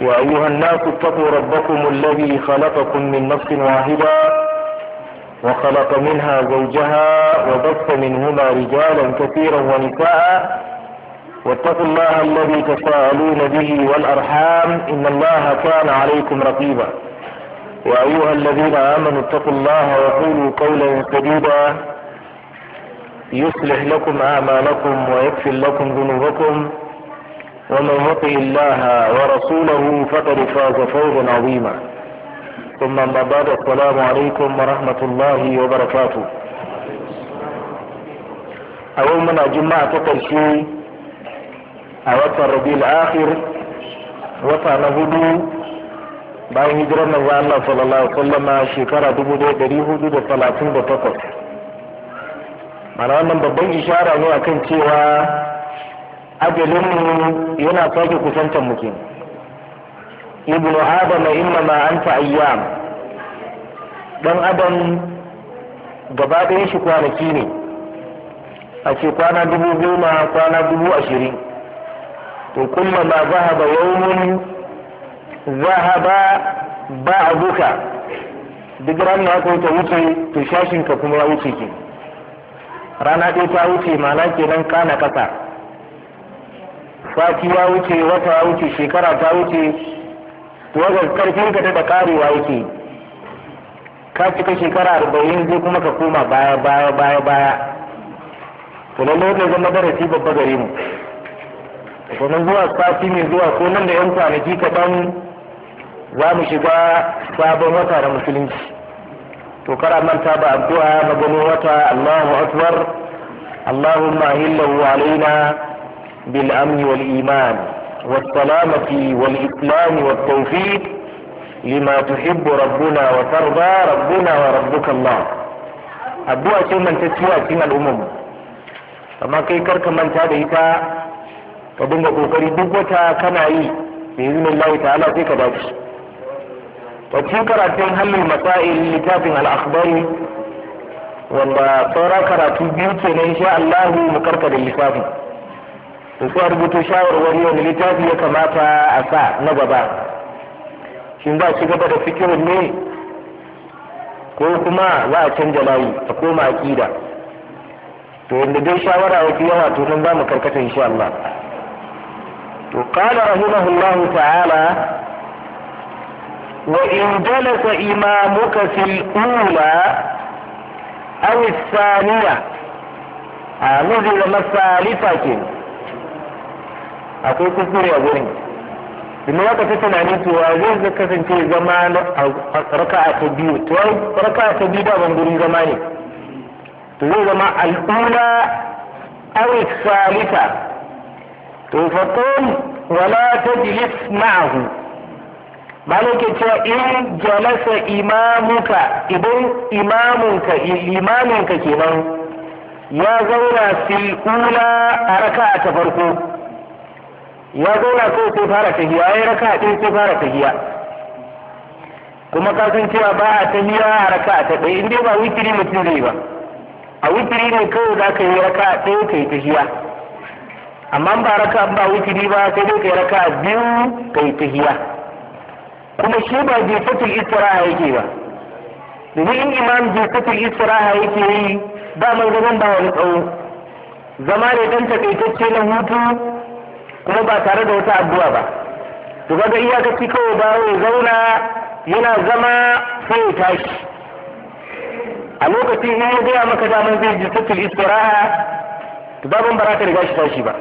وأيها الناس اتقوا ربكم الذي خلقكم من نفس واحدة وخلق منها زوجها وبث منهما رجالا كثيرا ونساء واتقوا الله الذي تساءلون به والأرحام إن الله كان عليكم رقيبا وأيها الذين آمنوا اتقوا الله وقولوا قولا سديدا يصلح لكم أعمالكم ويكفر لكم ذنوبكم ومن يطع الله ورسوله فقد فاز فوزا عظيما ثم اما بعد السلام عليكم ورحمه الله وبركاته اول من تقل شيء اوقات الربيع الاخر وطن هدوء bayan hijirar manzo Allah sallallahu alaihi wasallam shekara 1438 mana wannan babban ishara ne akan cewa mu yana sake kusantar mu kenan Ibn adama inna ma anta ayyam dan adam gaba ɗaya shi kwanaki ne a ce kwana dubu goma kwana dubu ashirin to kuma ma zahaba yawmun zahaba ba'duka duk ranar ko ta wuce to shashinka kuma wuce ke rana ɗaya ta wuce mana kenan kana ƙasa. sati ya wuce wata ya wuce shekara ta wuce wajen karfin ka da karewa yake ka cika shekara arba'in zai kuma ka koma baya baya baya baya to lallai wannan zama darasi babba gare mu kuma zuwa sati mai zuwa ko nan da yan kwanaki kaɗan za mu shiga sabon wata da musulunci to kara manta ba addu'a na gano wata Allahu akbar Allahumma hillahu alaina بالامن والايمان والسلامة والاسلام والتوفيق لما تحب ربنا وترضى ربنا وربك الله ابو اشي من تسوى من الامم فما كي كرك من تابعيتا فبنغا كوكري دبوتا كما اي بإذن الله تعالى في كباش وتنكر أتين هل المسائل لتاب الأخبار والله صرا كراتي بيوتي إن شاء الله مكركة للفافي to sai a rubuto shawarwari wani littafi ya kamata a sa na gaba shin za a ci gaba da fikirin ne ko kuma za a canja layi a koma ƙida. to yadda dai shawara wafi yawa to nan za mu karkata insha Allah to qala rahimahullahu ta'ala in muka fi إمامك في الأولى أو الثانية نزل ما ke. akwai kuskure a gurin domin haka ta tunani cewa zai zai kasance zama raka'a ta biyu to raka'a ta biyu ban gurin zama ne to zai zama al'ula awi salisa to fa wala wala tajlis ma'ahu malai ke cewa in jalasa imamuka idan imamunka imamunka kenan ya zauna a ula a ta farko ya zauna ko sai fara tahiya ya yi raka ɗaya sai fara tahiya kuma ka san cewa ba a tahiya a raka ta ɗaya in dai ba witiri mutum zai ba a witiri ne kawai za ka yi raka ɗaya ka yi tahiya amma ba raka ba witiri ba sai dai ka yi raka biyu ka yi tahiya kuma shi ba je jefatul istiraha yake ba domin in imam jefatul istiraha yake yi ba mai gaban ba wani tsawo zama ne dan takaitacce na hutu kuma ba tare da wata addu'a ba to ga iyaka iyakaci kawai ba ya zauna yana zama sai ya tashi a lokacin in ya gaya maka daman zai ji sattul istiraha to ba za ka riga tashi ba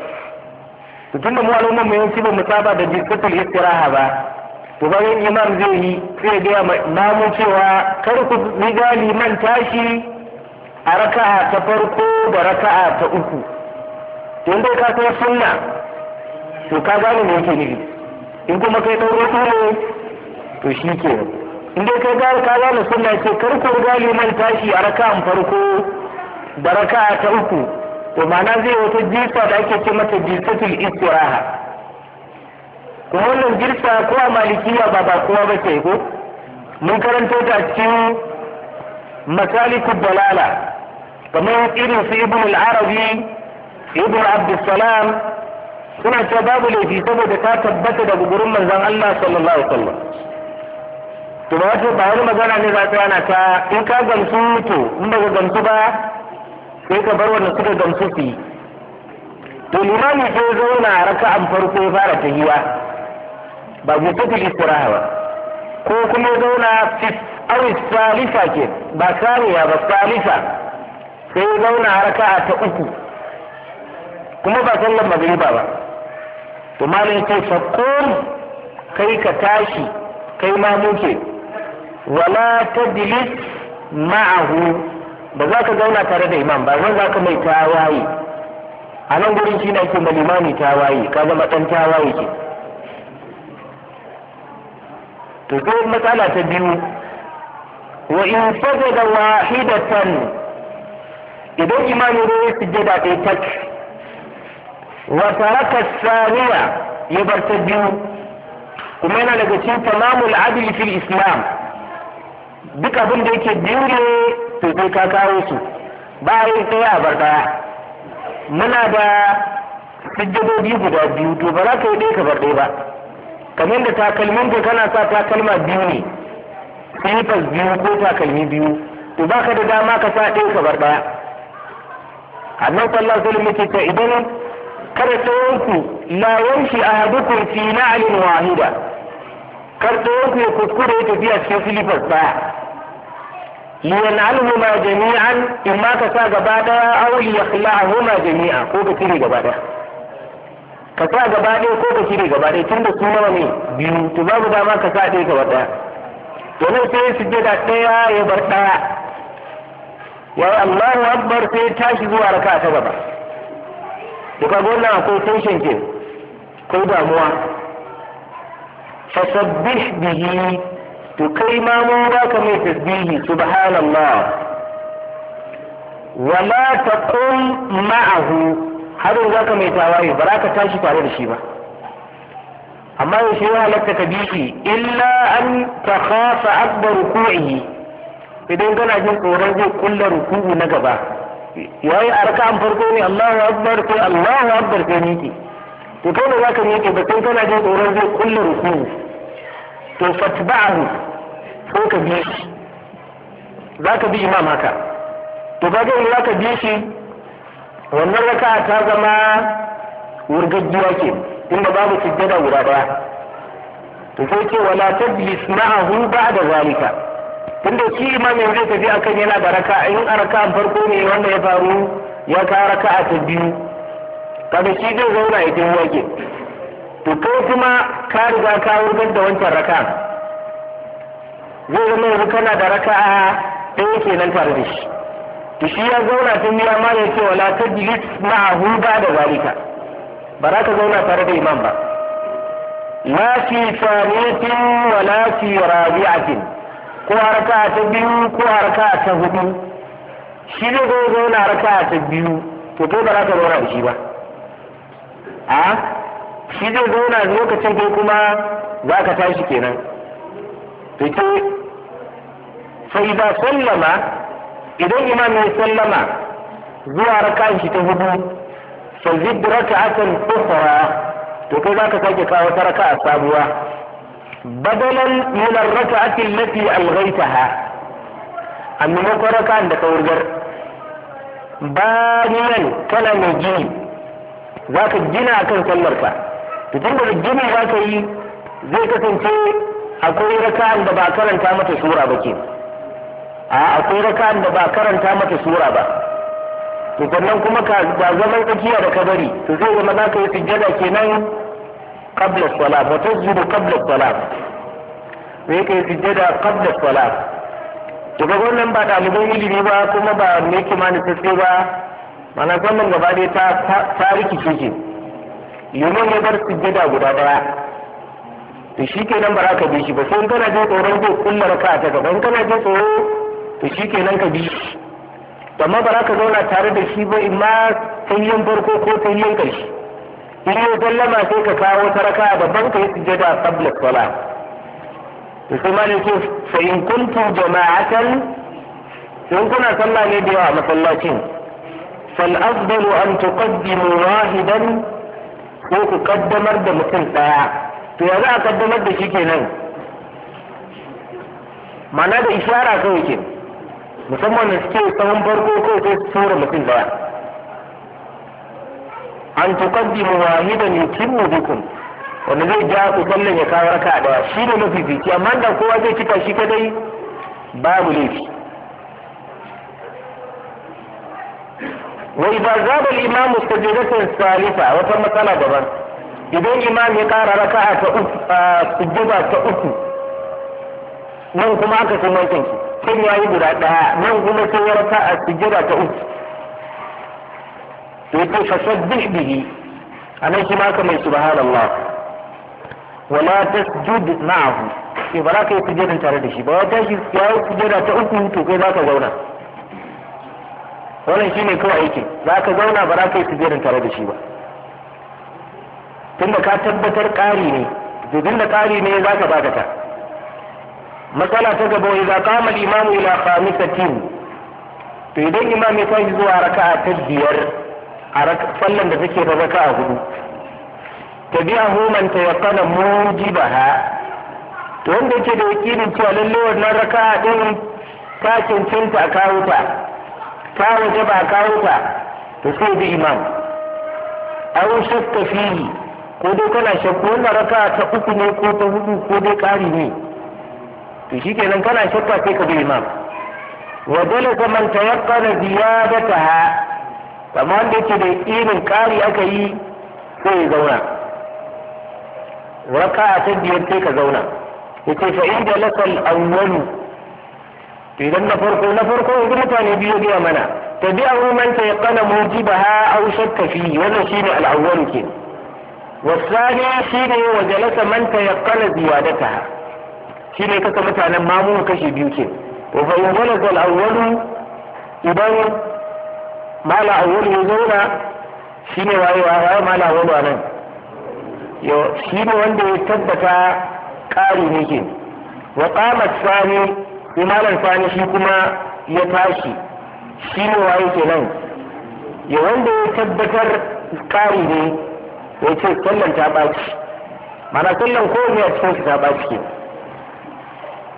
to tunda mu al'umma mu yanci ba mu saba da jisatul istiraha ba to yin imam zai yi ya gaya mamu cewa kar ku riga liman tashi a raka'a ta farko da raka'a ta uku to dai ka san sunna to ka gane me yake nufi in kuma kai ɗan roƙo ne to shi ke in dai kai gane ka gane sunna ce kar ku riga liman tashi a raka'an farko da raka'a ta uku to ma'ana zai wata jirsa da ake ce mata jirsatul istiraha kuma wannan jirsa ko a malikiya ba ba kowa ba ke ko mun karanta ta cikin masalikul dalala kamar irin su ibnu al-arabi ibn abdussalam suna cewa babu laifi saboda ta tabbata daga gurin manzon Allah sallallahu alaihi wasallam to ba wato ba wani magana ne za ta yana ta in ka gamsu to in ba ka gamsu ba sai ka bar wanda suka gamsu su yi to limami sai zauna an farko ya fara hiwa ba mutatul istiraha ba ko kuma zauna fi awi salisa ke ba saniya ba salisa sai zauna raka ta uku kuma ba sallan magriba ba to malam kai fakur kai ka tashi kai ma muke wala dilis ma'ahu ba za ka zauna tare da imam ba zan za ka mai tawaye a nan gurin shi na ke malimami tawaye ka zama ɗan tawaye ke to ko matsala ta biyu wa in sajada wahidatan idan imam ya yi jada ɗaya tak wa taraka saniya ya bar ta biyu kuma yana daga cikin tamamul adli fil islam duk abin da yake biyu ne to kai ka kawo su ba yin tsaya bar daya muna da sujjadobi guda biyu to ba za ka yi ɗaya ka bar ɗaya ba kamar da takalmin ka kana sa takalma biyu ne slippers biyu ko takalmi biyu to ba ka da dama ka sa ɗaya ka bar ɗaya annabi sallallahu alaihi wasallam yake idan kada tsohonku na yanshi a hadukun fi na'alin wahida kar tsohonku ya kuskure ya tafiya cikin filifas baya liyan alhuma jami'an in ma ka sa gaba daya aw liyakhla'ahuma jami'a ko ka cire gaba daya ka sa gaba daya ko ka cire gaba daya tunda su nawa ne biyu to babu dama ka sa ɗaya gaba daya to nan sai su je da ɗaya ya bar ɗaya Wai Allahu akbar sai tashi zuwa raka ta gaba to kaga wannan akwai tension ke ko damuwa fasabbih bihi to kai ma mun baka mai tasbihi subhanallah wala taqum ma'ahu har yanzu ka mai tawaye ba za ka tashi tare da shi ba amma shi ya halatta ka bishi illa an ta khafa akbar ruku'i idan kana jin tsoron zai kulla ruku'u na gaba yayi arkan farko ne Allahu akbar ko Allahu akbar ko miki to kai da zaka miƙe da kai kana jin tsoron zai kullu ruku to fatba'ahu ko ka bi zaka bi imam haka to kaga in zaka bi shi wannan raka ta zama wurgaggiya ke inda babu sujjada guda daya to sai ce wala tajlis ma'ahu ba'da zalika tunda shi imamin zai tafi akan yana da raka in a raka farko ne wanda ya faru ya ka raka a ta biyu kada shi zai zauna ya tafi wake to kai kuma ka riga ka wurgar da wancan raka zai zama yanzu kana da raka a ɗaya nan tare da shi to shi ya zauna tun biyu ma ya ce wala ta jilis na ba da zalika ba za ka zauna tare da imam ba la fi samiyatin wala fi rabi'atin ko a ta biyu ko a ta hudu shi ne zo na raka ta biyu to to ba za ka zauna da shi ba a shi zai zauna lokacin ko kuma za ka tashi kenan to ke sai ba sallama idan imam ya sallama zuwa raka shi ta hudu fa zid raka'atan ukhra to kai za ka sake kawo ta raka'a sabuwa badalan min ar algaitaha allati alghaytaha amma maimakon raka'an da ka wurgar baniyan kana mai gini za ka gina akan sallarka to tun da gini za ka yi zai kasance akwai raka'an da ba karanta mata sura ba ke a akwai raka'an da ba karanta mata sura ba to sannan kuma ka zaman tsakiya da kabari to zai zama za ka yi sujjada kenan قبل الصلاة وتسجد قبل الصلاة ويكي سجدة قبل الصلاة daga wannan ba ɗaliban ilimi ba kuma ba mai kimanin sassai ba mana wannan gaba dai ta ta rikice ce liman ya bar sujjada guda daya to shi kenan ba za ka bi shi ba sai kana jin tsoron zai kulla raka ta gaba in kana jin tsoro to shi ke nan ka bi shi amma ba za ka zauna tare da shi ba in imma tayyan farko ko tayyan ƙarshe in yau sallama sai ka kawo saraka raka babban ka yi sujjada qabla sala. to sai maliki fa in kuntum jama'atan in kuna sallah ne da yawa masallacin fal afdalu an tuqaddimu wahidan ko ku kaddamar da mutum daya to ya za a kaddamar da shi kenan mana da ishara kawai ke musamman da suke tsawon farko ko sai su tura mutum daya an tuqaddimu wahidan yutimmu bikum wanda zai ja ku sallan ya kawo raka daya shi ne mafifici amma da kowa zai kika shi kadai babu laifi wa idza zaba al-imam sajdatan salisa wata matsala daban idan imam ya kara raka ta uku ta uku nan kuma aka kuma kanki sun yayi guda daya nan kuma sai ya a sujjada ta uku yake fasabbih bihi anan shi ma ka mai subhanallah wala tasjud ma'ahu sai eh, ba za ka yi kujerin tare da shi ba wata ya yi kujera ta uku to kai za ka zauna wannan shi kawai yake za ka zauna ba za ka tare da shi ba tunda ka tabbatar ƙari ne jidin da ne za ka matsala ta gaba idza qama al to idan imam ya tashi zuwa raka'a ta biyar a fallon da take ta raka a hudu ta biya homan ta yakana mujibaha to wanda yake da yakinin cewa lalle wannan raka din ta cancanta a kawo ta ta waje ba a kawo ta to sai bi imam aw shakka fihi ko dai kana shakku wannan raka ta uku ne ko ta hudu ko dai ƙari ne to shikenan kana shakka sai ka bi imam wa dalaka man tayaqqana ziyadataha amma wanda yake da irin kari aka yi sai ya zauna raka ta biyar sai ka zauna yace fa inda lakal awwalu to idan na farko na farko idan mutane biyu biya mana mu man tayqana mujibaha aw shakka fihi wannan shine al-awwal ke wasani shine wa jalasa man tayqana ziyadataha shine kasa mutanen mamu kashe biyu ke wa fa in jalasa al-awwalu idan mala awwalu ya zauna shi ne waye waye mala awwalu a nan shi ne wanda ya tabbata ƙari ne ke wa qamat sani imalan malam sani shi kuma ya tashi shi ne waye ke nan ya wanda ya tabbatar ƙari ne ya ce sallan ta ɓaci mana sallan ko ne a cikin ta ɓaci ke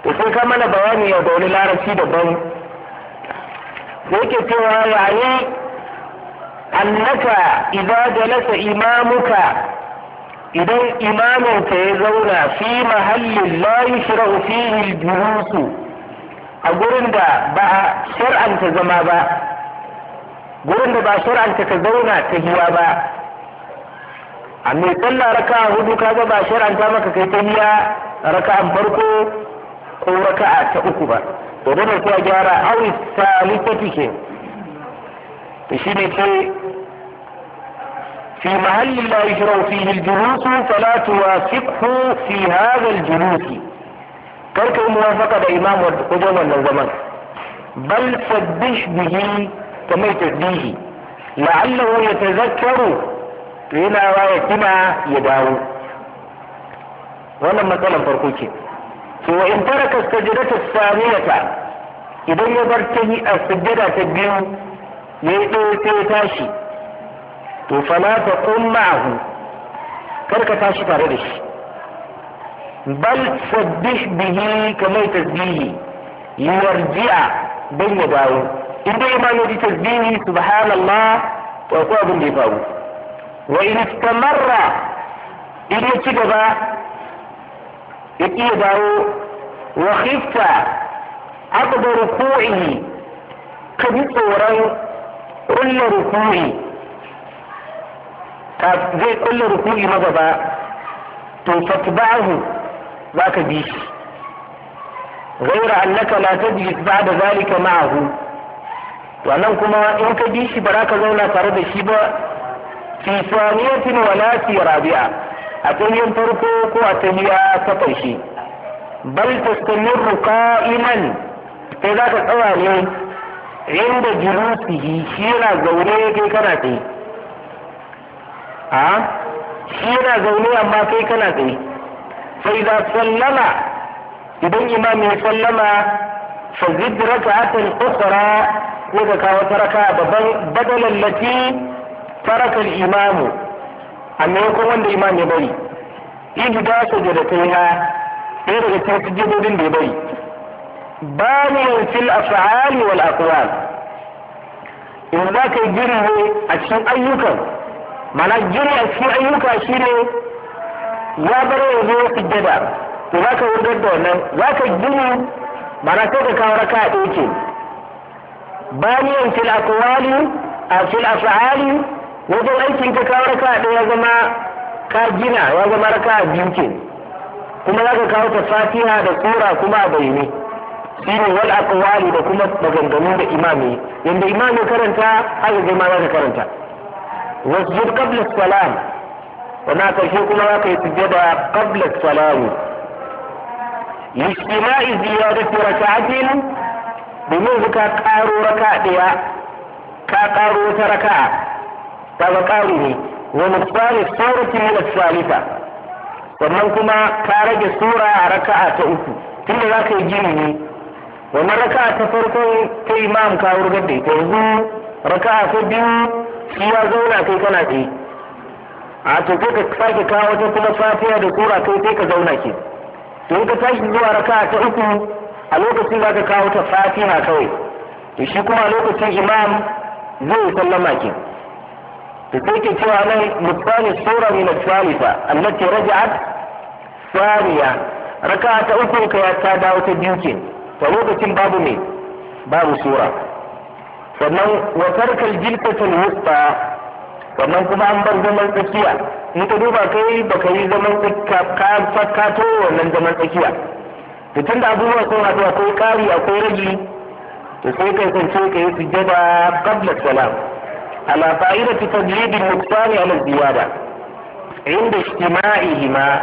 to sai ka mana bayani ya da wani larabci daban yake cewa yayi annaka idza jalasa imamuka idan ka ya zauna fi mahallin la yushra'u fihi al-julus a gurin da ba shar'anta zama ba gurin da ba shar'anta ka zauna ta hiya ba a mai tsalla raka hudu ga ba shar'anta maka kai ta hiya raka'an farko ko raka'a ta uku ba to dole sai a gyara salisati ke to ce في محل لا يجرى فيه الجلوس فلا توافقه في هذا الجلوس كرك الموافقة إمام وجمع النظمان بل فدش به كما تسبيه لعله يتذكر هنا ويتنا يداو ولما تلم farko ce وإن ترك السجدة الثانية إذا يبرتني السجدة تبيو يدو تاشي فلا تقوم معه كرك تاشي تاريش بل سبح به كما تسبيه يرجع بين يداو إن ما نجي سبحان الله وأقوى بالنفاو وإن استمر إن يتجبه يقدر وخف عقد ركوعه قد صورا كل ركوعه زي كل ركوع مغبى فاتبعه ذاك بيش غير انك لا تجلس بعد ذلك معه وانا كما ان كديش براك زولا تردشيبا في ثانية ولا في رابعه a tahiyyar farko ko a tahiyya ta ƙarshe bal tastamir iman. sai za ka tsawa ne inda julusihi shi yana zaune kai kana tsaye a shi yana zaune amma kai kana tsaye sai za sallama idan imam ya sallama fa raka raka'atan ukhra ko da kawo wata raka'a babban badalan lati taraka imamu amma ko wanda imam ya bari idu da su da kai ha ɗaya daga cikin sujudodin da ya bari babu fil af'al wal aqwal in za ka yi ne a cikin ayyukan mana girbe a cikin ayyuka shine ya bar yanzu ya sujjada to za ka wurgar da wannan za ka gini mana sai ka kawo raka a ɗauke babu fil aqwali a fil af'ali wajen aikin ka kawo raka ɗaya ya zama ka gina ya zama raka biyu ke kuma za ka kawo ta fatiha da tsora kuma a bayyane shi ne wal aqwali da kuma maganganu da imami yanda imami karanta haka ya ma za ka karanta wasjud qabla salam wannan karshe kuma za ka yi sujjada qabla salam lijtima'i ziyadati raka'atin domin ka karo raka ɗaya ka karo wata raka'a kaga ƙari ne wa mutsari surati min as-salisa wannan kuma ka rage sura a raka'a ta uku tunda za ka yi gini ne wannan raka'a ta farko ta imam ka wurgar da ita yanzu raka'a ta biyu shi ya zauna kai kana ɗaya a to kai ka sake kawo ta kuma safiya da sura kai sai ka zauna ke to in ka tashi zuwa raka'a ta uku a lokacin za ka kawo ta fatiha kawai to shi kuma a lokacin imam zai sallama ke تتيك كوانا مثال الصورة من الثالثة التي رجعت ثانية ركعة أخرى كي أتادا ta lokacin باب مين باب tsora. sannan wa tarkal jilfatul wusta sannan kuma an bar zaman tsakiya in ka duba kai ka yi zaman tsakiya ka fakato wannan zaman tsakiya to tunda abubuwa sun haɗu akwai ƙari akwai ragi to sai kai kwance ka yi sujjada qabla salam على فائدة تجليد النقصان على الزيادة عند اجتماعهما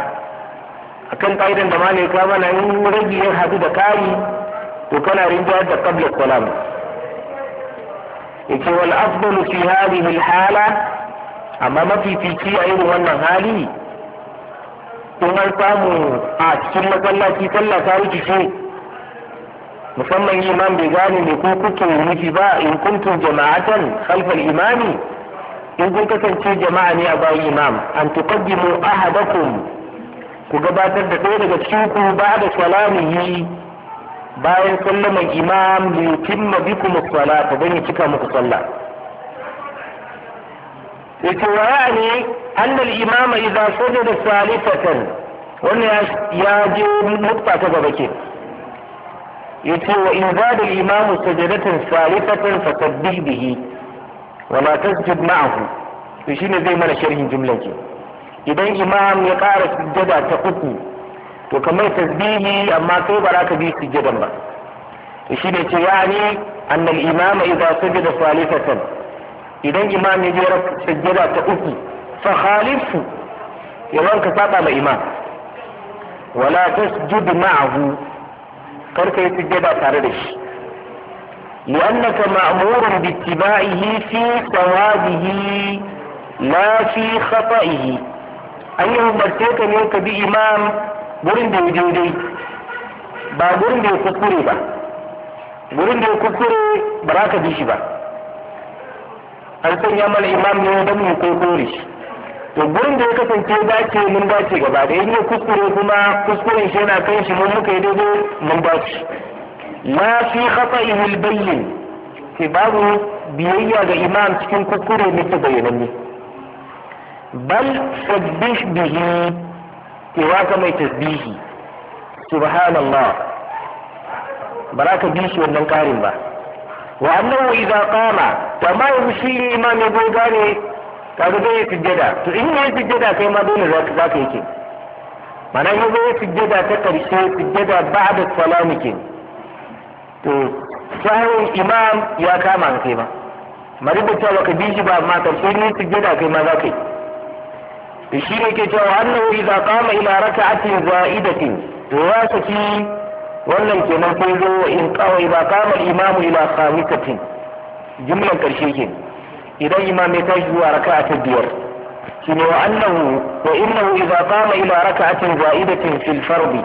akan ƙa'idan da malai ka mana in rage ya hadu da kari to kana rinjayar da qabla salam yace wal afdalu fi hadhihi al hala amma mafifici a irin wannan hali in an samu a cikin masallaci sallah ta wuce shi musamman imam bai gane me ko kuke nufi ba in kuntum jama'atan khalfal imami in kun kasance jama'a ne a bayan imam an tuqaddimu ahadakum ku gabatar da ɗaya daga cikin ku ba da salamihi bayan sallaman imam li yutimma bikum as-salata dan ya cika muku sallah yace wa ya'ni anna al-imama idza sajada salifatan wannan ya je nutfa ta gaba ke yace wa in zada da imamu sajadatan salifatan tabbih bihi wa la tasjud ma'ahu to shine zai mana sharhin jumlar ke idan imam ya ƙara sujjada ta uku to kamar tasbihi amma kai ba za ka bi sujjadan ba to shine ce ya ni annal imama idza sajada salifatan idan imam ya jera sujjada ta uku fa khalifu yawan ka saba ma imam wala tasjud ma'ahu kar ka yi sujjada tare da shi لأنك مأمور باتباعه في ثوابه لا في خطئه an yi umarce ka ne ka bi imam gurin da ya daidai ba gurin da ya kuskure ba gurin da ya kuskure ba za ka bi shi ba an sanya mana imam ne don mu kokore shi to gurin da ya kasance ke mun dace gaba da ya kuskure kuma kuskuren shi yana kan shi mun muka yi daidai mun dace la fi khata'ihi al-bayyin ke babu biyayya ga imam cikin kuskure ne ta bayyananne bal sabbih bihi ke waka mai tasbihi subhanallah bara ka bi shi wannan karin ba wa annahu idza qama wa ma yushi imam ya gane kaga zai yi sujjada to in ya yi sujjada kai ma dole za ka yi ke mana in zai yi sujjada ta karshe sujjada ba da salamu ke to sahun imam ya kama kai ma mari da cewa ka bishi ba ma karshe ne sujjada kai ma za ka yi to shi ne ke cewa annahu idza qama ila raka'atin za'idatin to ya saki wannan kenan ko zo in kawai ba kama imamu ila khamisatin jumlan karshe kenan إذا ما متجه ركعة الدير سنو أنه وإنه إذا قام إلى ركعة زائدة في الفرض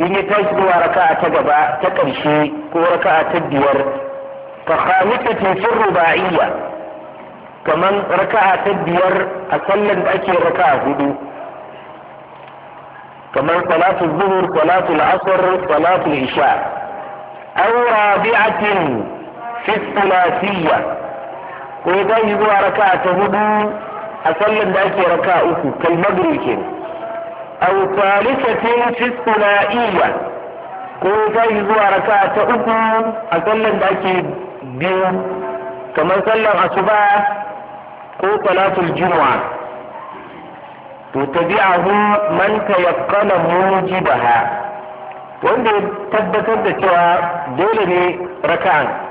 إن يتجه ركعة جبا تكرشي وركعة الدير فخامسة في الرباعية كمن ركعة الدير أصلا أكي ركعة هدو كمن صلاة الظهر صلاة العصر صلاة العشاء أو رابعة في الثلاثية ko tashi zuwa raka ta hudu a sallan da ake raka uku kai magrib ke aw ce fi thulaiyya ko tashi zuwa raka ta uku a sallan da ake biyu kamar sallan asuba ko salatul juma'a to tabi'ahu man tayaqqana mujibaha wanda ya tabbatar da cewa dole ne raka'an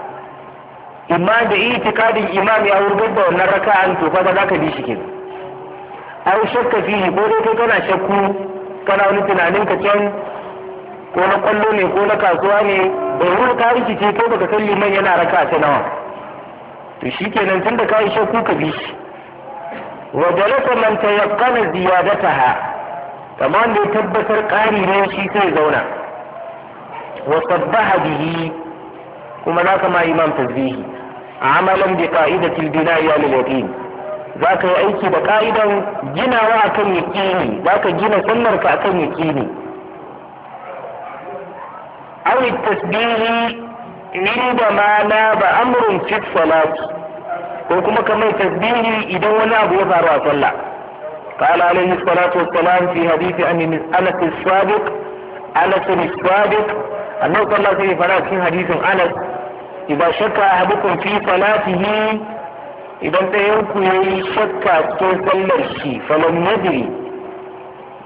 imma da itikadin imam ya wurgar da wannan raka'an to fa ba za ka bi shi kenan aw shakka fihi ko dai kana shakku kana wani tunanin ka can ko na kwallo ne ko na kasuwa ne bai wuri ka rikice kai baka san liman yana raka ta nawa to shi shikenan tunda yi shakku ka bi shi wa jalasa man tayaqqana ziyadataha kamar da tabbatar ƙari ne shi sai zauna wa sabbaha bihi kuma za ka ma imam tasbihi عملا بقاعدة البناء على اليقين ذاك يأيكي بقاعدة جنا وأكن يكيني ذاك جنا سنرك أكن يكيني أو التسبيح عند ما ناب أمر في الصلاة وكما كما التسبيح إذا وناب وفار صلى قال عليه الصلاة والسلام في حديث أنس الصادق أنس الصادق أنه صلى الله عليه وسلم في حديث أنس idan shakka ahadukum fi salatihi idan ɗayan ku yayi shakka cikin sallar shi falam nadri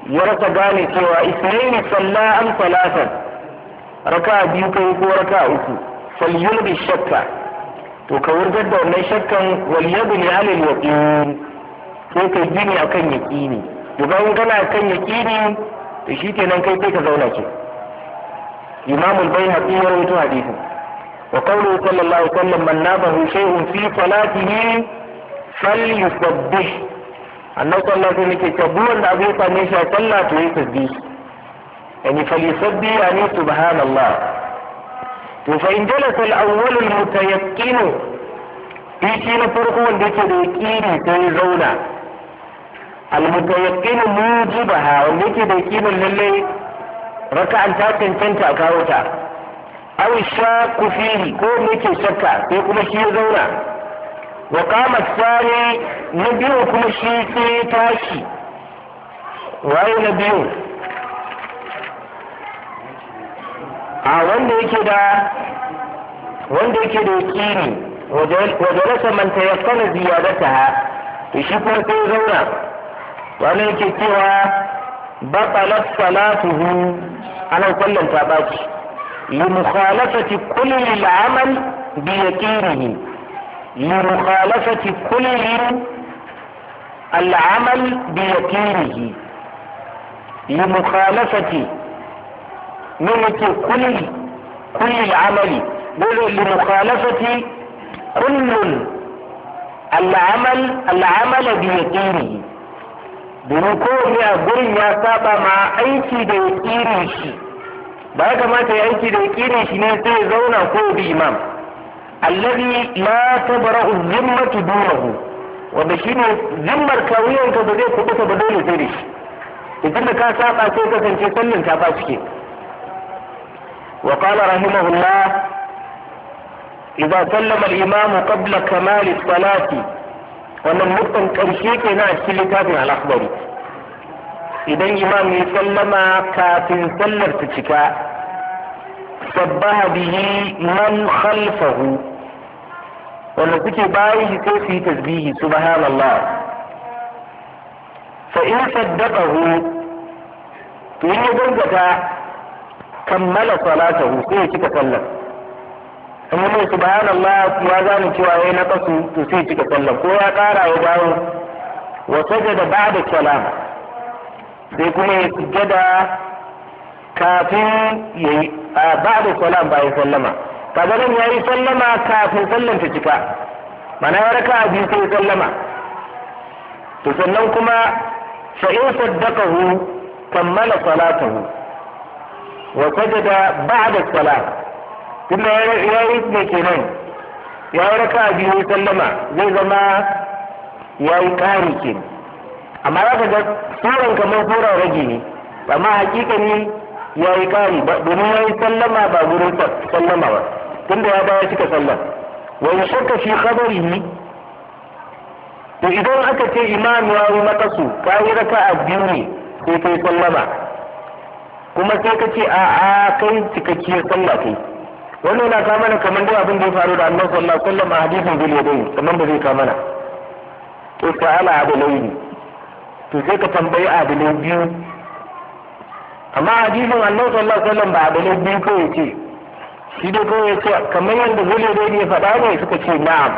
ya rasa gane cewa isnaini salla am salatan raka biyu kai ko raka uku falyulbi shakka to ka wurgar da wannan shakkan wal yabni alil yaqin Ko ka gini akan yaqini to kana kan yaqini to kenan kai kai ka zauna ke imamul bayhaqi ya rawaito hadisin وقوله صلى الله عليه وسلم من نابه شيء في صلاته فليسبح ان صلى الله عليه وسلم كتبوا أبي قميشة صلى تويسبح يعني فليسبح يعني سبحان الله فإن جلس الأول المتيقن في كين فرقه وندك ديكيني تيزونا المتيقن موجبها وندك ديكيني اللي ركع أن تاكن تنتأ aw shakku fihi ko muke shakka sai kuma shi ya zauna wa qama sani na biyu kuma shi sai ya tashi waye na biyu a wanda yake da wanda yake da yakini wajalasa man tayakkana ziyadataha to shi kuma sai zauna wanda yake cewa ba batalat salatuhu ana kullum ta baci لمخالفة كل العمل بيقينه لمخالفة كل العمل بيقينه لمخالفة ملك كل كل العمل لمخالفة كل العمل العمل بيقينه domin يا بني يا ya مع ma aiki ba ya kamata ya aiki da yakinin shi ne sai zauna ko bi imam allazi la tabra'u zimmatu dunahu wanda shine zimmar kawiyan ka ba zai kubuta ba dole sai da shi idan da ka saba sai kasance sallin ta ba cike wa qala rahimahullah idza sallama al-imam qabla kamal as-salati wannan mutan karshe kenan a cikin littafin al-akhbari idan imam ya sallama kafin sallar ta cika sabbaha bihi man khalfahu wanda kuke bayan shi sai su yi tasbihi subhanallah fa in saddaqahu to in ya gangata kammala salatahu sai ya cika sallar in ya mai subhanallah ya gane cewa yayi na kasu to sai ya cika sallar ko ya kara ya dawo wa sajada ba'da kalam sai kuma ya da kafin ya yi a da salam bayan sallama kaga nan yayi sallama kafin sallan ta cika mana ya raka biyu sai sallama to sannan kuma sha'in saddaqahu kammala salatahu wa sajada ba'da salat tunda yi ne kenan ya raka biyu sallama zai zama ya yi ƙari kenan amma za ka ga suran kamar suran rage ne amma ne ya yi kari domin ya yi sallama ba gurin sallama ba tunda ya bayar cika sallah wa in shakka fi ne to idan aka ce imam ya yi su ka yi a biyu ne sai kai sallama kuma sai ka ce a a kai cikakkiyar sallah kai wannan yana kama mana kamar dai abin da ya faru da annabi sallallahu alaihi wasallam a hadisin bil yadayn kamar da zai kama na to ala abu layli to sai ka tambayi adalai biyu amma hadisin annabi sallallahu alaihi wasallam ba adalai biyu ya ce shi dai kawai ce kamar yadda zule ya faɗa ne suka ce na'am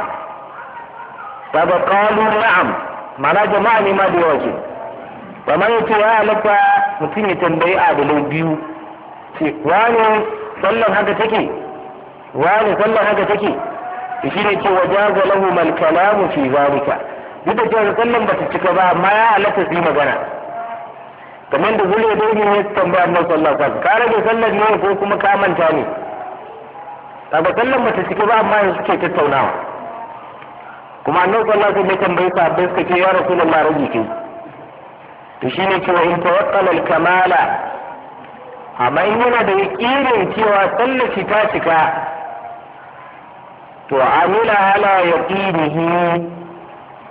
daga kalu na'am mana jama'a ne ma da yawa ce kamar ya ce ya halatta mutum ya tambayi adalai biyu ce wani sallan haka take wani sallan haka take shi ne ce wajen zalahu malkalamu kalamu fi zalika duk da cewa tsallon ba su cika ba amma ya halatta su yi magana kamar da zule yi ne su tambaya annabi sallallahu Allah wasallam ka rage tsallon ne ko kuma ka manta ne ba tsallon ba su cika ba amma yanzu suke tattaunawa kuma a sallallahu alaihi wasallam ya tambayi sahabbai suka ce ya rasu da rage kai to ne cewa in ta wakalar kamala amma in yana da yaƙinin cewa sallaci ta cika to amila ala yaqinihi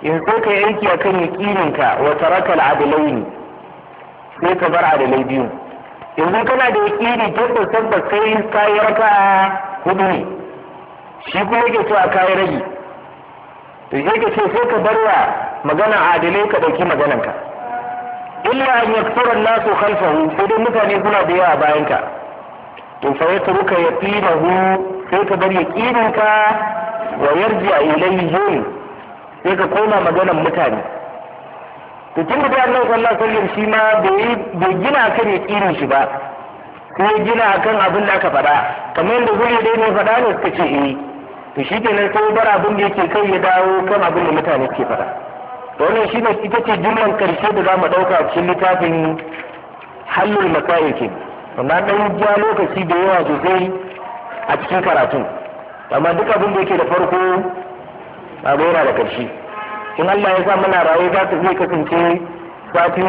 in ko ka yi aiki a kan yaƙininka wa taraka al'adalai ne, sai ka bar adalai biyu yanzu kana da yaqini tabbas tabbas kai kai raka hudu ne shi kuma yake cewa kayi ragi to sai ka ce sai ka bar wa magana adalai ka ɗauki magananka illa an yaktura an-nasu khalfahu sai dai mutane suna da yawa bayan ka to fa yatruka yaqinahu sai ka bar yaƙininka wa yarji ilayhim sai ka koma maganan mutane to tun da Allah sallallahu alaihi wasallam shi ma bai gina kan yaƙinin shi ba sai gina kan abin da aka faɗa kamar yadda gure dai ne faɗa ne suka ce eh to shi ke nan sai bar abin da yake kai ya dawo kan abin da mutane suke faɗa to wannan shi ne ita ce jumlan karshe da za mu ɗauka a cikin littafin hallul masail ke amma dan ja lokaci da yawa sosai a cikin karatun amma duk abin da yake da farko a rora da ƙarshe. in Allah ya sa mana rayu za su zai kasance sati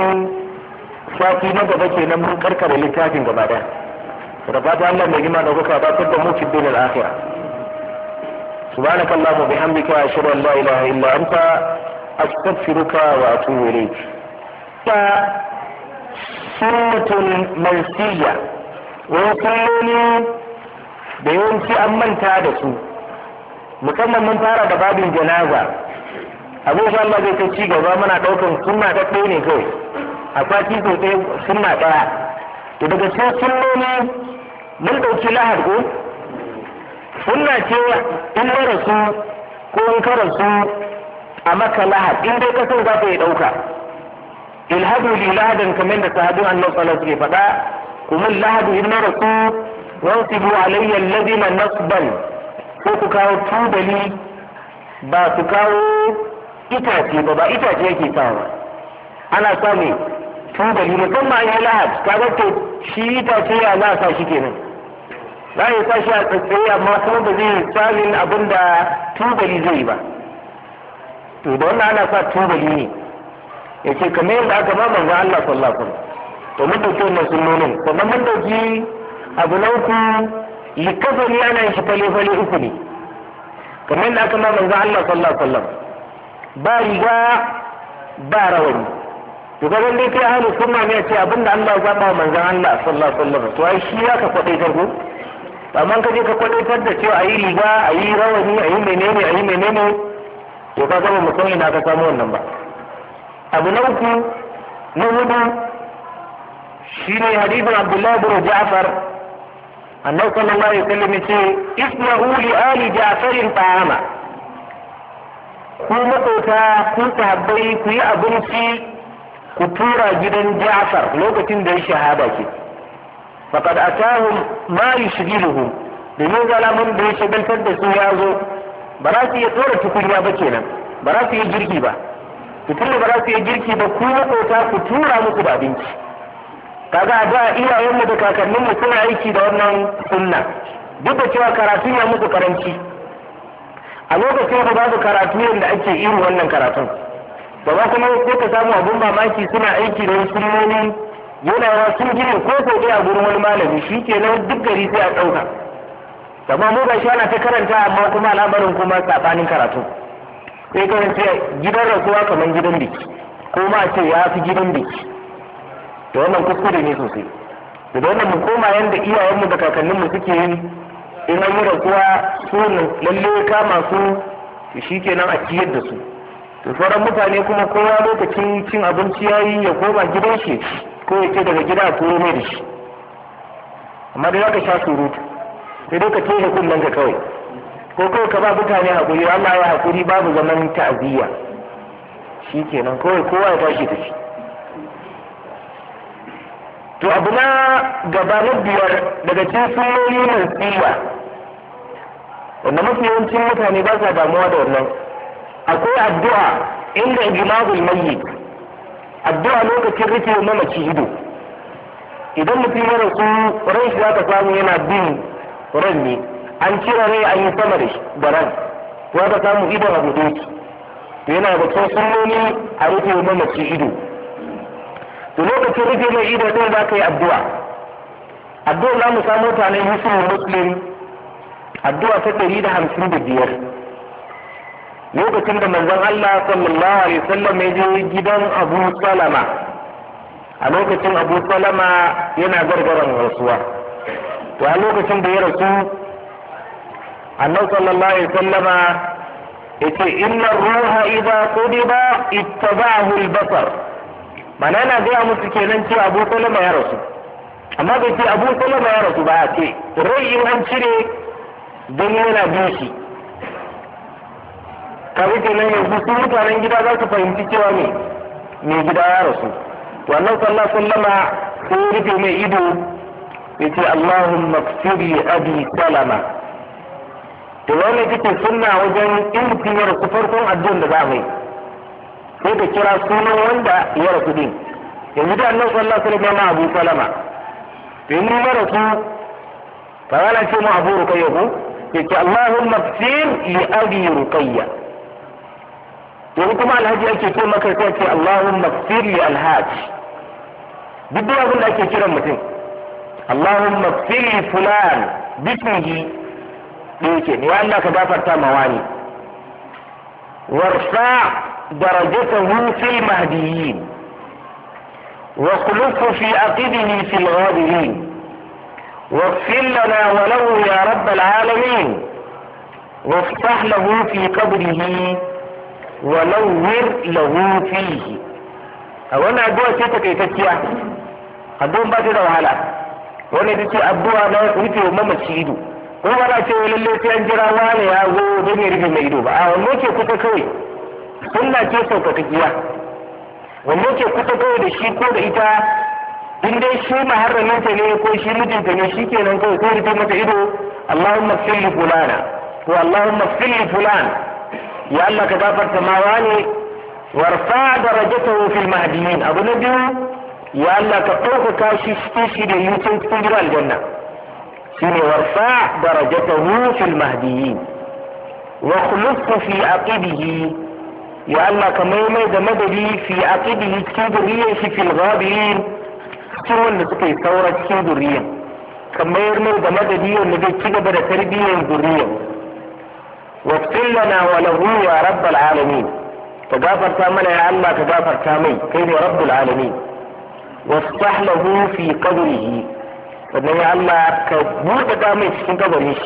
sati na gaba nan mun karkare littafin gaba ɗaya da fata Allah mai gima da kuka ba da mu cikin dunyar akhira subhanaka allahumma bihamdika ashhadu an la ilaha illa anta astaghfiruka wa atubu ilayk ta sunnatul mansiyya wani ne da yawanci an manta da su musamman mun fara da babin janaza abin sha Allah zai kai ci gaba muna ɗaukan sunna ta ɗaya ne kawai akwai kifin ɗaya sunna ɗaya to daga cikin sunnoni mun ɗauki lahar ko sunna ce in na rasu ko in ka rasu a maka lahar in dai ka san za ka yi ɗauka ilhadu li lahadan kamar da sahabu annabi sallallahu alaihi wasallam faɗa kuma lahadu in na rasu wansibu alayya alladhina nasban ko ku kawo tubali ba su kawo itace ba ba itace yake sawa ana sa ne tubali musamman ya lahad ga to shi itace ya za a sa shi kenan za yi sa shi a tsatsaye amma kuma ba zai tsarin abin da tubali zai ba to da wannan ana sa tubali ne ya ce kamar yadda aka ba manzo Allah sallallahu alaihi wasallam to mun dauki wannan sunnonin kuma mun dauki abu na uku likafani ana yin shi fale uku ne kamar da aka ma manzo Allah sallallahu alaihi wasallam ba riga ba rawani to ga wanda yake ahlus sunna ne ce abinda Allah ya zaba manzo Allah sallallahu alaihi wasallam to ai shi ya ka kwadai gargo amma ka je ka kwadaitar da cewa ayi riga ayi rawani ayi menene ayi menene to ka ga mu san da ka samu wannan ba abu na uku na hudu ne hadithin abdullahi bin Ja'far annabi sallallahu alaihi wasallam ce ismahu li ali ja'farin ta'ama ku makota ku sahabbai ku yi abinci ku tura gidan ja'far lokacin da ya shahada ke faqad atahum ma yushghiluhum domin mun da ya shagaltar da su ya zo ba za su iya tsora tukunya ba kenan ba za su yi girki ba tutun ba za su yi girki ba ku makota ku tura musu da abinci kaga ba iyayenmu da kakanninmu suna aiki da wannan sunna duk da cewa karatu ya musu karanci a lokacin da babu karatu yadda ake irin wannan karatun ba ba kuma ko ka samu abun mamaki suna aiki da sunnoni yana sun gine ko sau a gurin wani malami shi ke nan duk gari sai a ɗauka amma mu ga shi ana ta karanta amma kuma al'amarin kuma saɓanin karatu sai karanta gidan rasuwa kamar gidan biki ko ma ce ya fi gidan biki da wannan kuskure ne sosai da wannan mu koma yanda iyayenmu da kakanninmu suke yi in an yi rantsuwa su lalle kama su to nan a ciyar da su to sauran mutane kuma kowa lokacin cin abinci ya yi ya koma gidan shi ko ya ce daga gida a turo mai da shi amma dai zaka sha surutu sai dai ka tehe nan ka kawai ko kawai ka ba mutane hakuri Allah ya hakuri babu zaman ta'aziyya kenan kawai kowa ya tashi da shi to abu na gaba na biyar daga cikin sunoyi tsiwa wanda mafi yawancin mutane ba sa damuwa da wannan akwai addu'a inda ijma'ul mayyit addu'a lokacin rike mamaci ido idan mutum ya rasu ran shi ta samu yana bin ran ne an cire rai an yi sama da shi da ran za ta samu idon abu da yana da cikin sunoni a rike mamaci ido to lokacin rufe mai ido ɗin za ka yi addu'a addu'a za mu samu mutane ne musulun muslim addu'a ta ɗari da hamsin da biyar lokacin da manzon Allah sallallahu alaihi wasallam ya je gidan Abu Salama a lokacin Abu Salama yana gargaran rasuwa to a lokacin da ya rasu annabi sallallahu alaihi wasallama yace inna ruha idza qudiba ittaba'ahu al-basar mana na gaya musu kenan ce abu salama ya rasu amma bai ce abu salama ya rasu ba a ce rai in an cire don yana bishi kabi kenan yanzu su mutanen gida za su fahimci cewa ne mai gida ya rasu wannan sallah sallama sun rufe mai ido ya ce allahumma ksiri abi salama to wani kike suna wajen in mutum ya su farkon addu'an da za mu yi sai ka kira sunan wanda ya rasu din yanzu da annabi sallallahu alaihi wasallam Abu Salama to mun mara fa wala ce mu Abu Ruqayya ko yake Allahumma fir li abi Ruqayya to kuma alhaji ake ce maka sai ce Allahumma fir li alhaji duk da abin da ake kiran mutum Allahumma fir li fulan bismihi da yake ne ya Allah ka gafarta ma wani warfa درجته في المهديين واخلفه في عقبه في الغابرين واغفر لنا وله يا رب العالمين وافتح له في قبره ونور له فيه أولا أبوة تيتا كي تتيا أدوم باتي دو حالا وانا تتيا أبوة ما يقويته ما تشيدو وما لا اللي تيانجرا وانا يا دنيا ربي ميدو أولا موكي كتا كوي sunna ce sauƙaƙiya wanda ke kuta da shi ko da ita in dai shi maharraminta ne ko shi mijinta ne shi kenan kawai ko rufe mata ido Allahumma filli fulana ko Allahumma filli fulan ya Allah ka gafarta ma wani warfa darajatahu fil mahdiyin abu na biyu ya Allah ka ɗaukaka shi shi da yutun cikin gidan aljanna shine warfa da darajatahu fil mahdiyin wa khulqu fi aqibihi ya Allah ka maimai da madadi fi aqidihi cikin zuriyar shi fil ghabirin cikin wanda suka yi saura cikin zuriyar ka mayar mai da madadi wanda zai ci gaba da tarbiyyar zuriyar wa lana wa lahu ya rabbal alamin ka gafarta mana ya Allah ka gafarta mai kai ne rabbul alamin وافتح له في قبره فإن الله كبوت دامي في قبره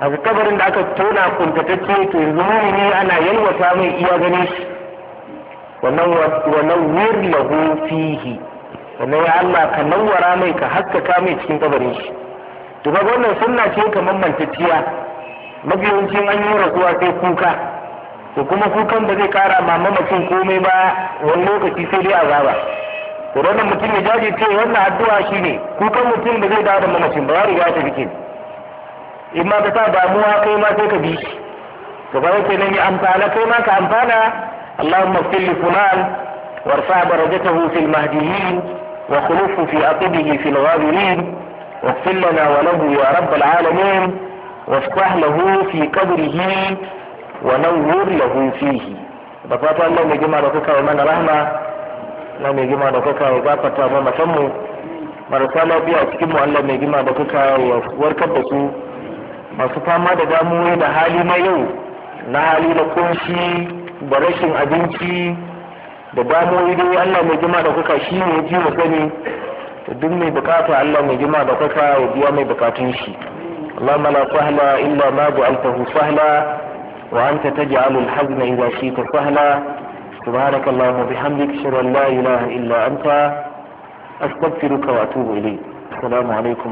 a kabarin da aka tona kuntatacce to yanzu ne ana yalwata mai iya gani shi wannan wir lahu fihi wannan ya Allah ka nawwara mai ka haskaka mai cikin kabarin shi to ga wannan sunna ce ka kamar tiya mabiyancin an yi rasuwa sai kuka to kuma kukan ba zai kara ma mamakin komai ba wani lokaci sai dai azaba to wannan mutum ya jaje ce wannan addu'a shine kukan mutum da zai dawo da mamakin ba ya riga ta bikin. in ma ka sa damuwa kai ma sai ka bi shi to ba yake nan ya amfana kai ma ka amfana Allahumma fil li fulan warfa darajatahu fil mahdiyyin wa khulufu fi aqibihi واغفر لنا وله يا رب العالمين وافتح له في قبره ونور له فيه بفاتو الله mai jima da kuka wa mana rahma mai jima da kuka wa gafata mu marasa cikin mu Allah mai da kuka da su masu fama da damuwoyi da hali na yau na hali na kunshi da rashin abinci da damuwoyi dai Allah mai jima da kuka shi ne ji wa sani to duk mai bukata Allah mai jima da kuka ya biya mai bukatun shi اللهم لا سهل إلا ما جعلته سهلا وأنت تجعل الحزن إذا شئت سهلا سبحانك اللهم وبحمدك أشهد أن لا إله إلا أنت أستغفرك وأتوب إليك السلام عليكم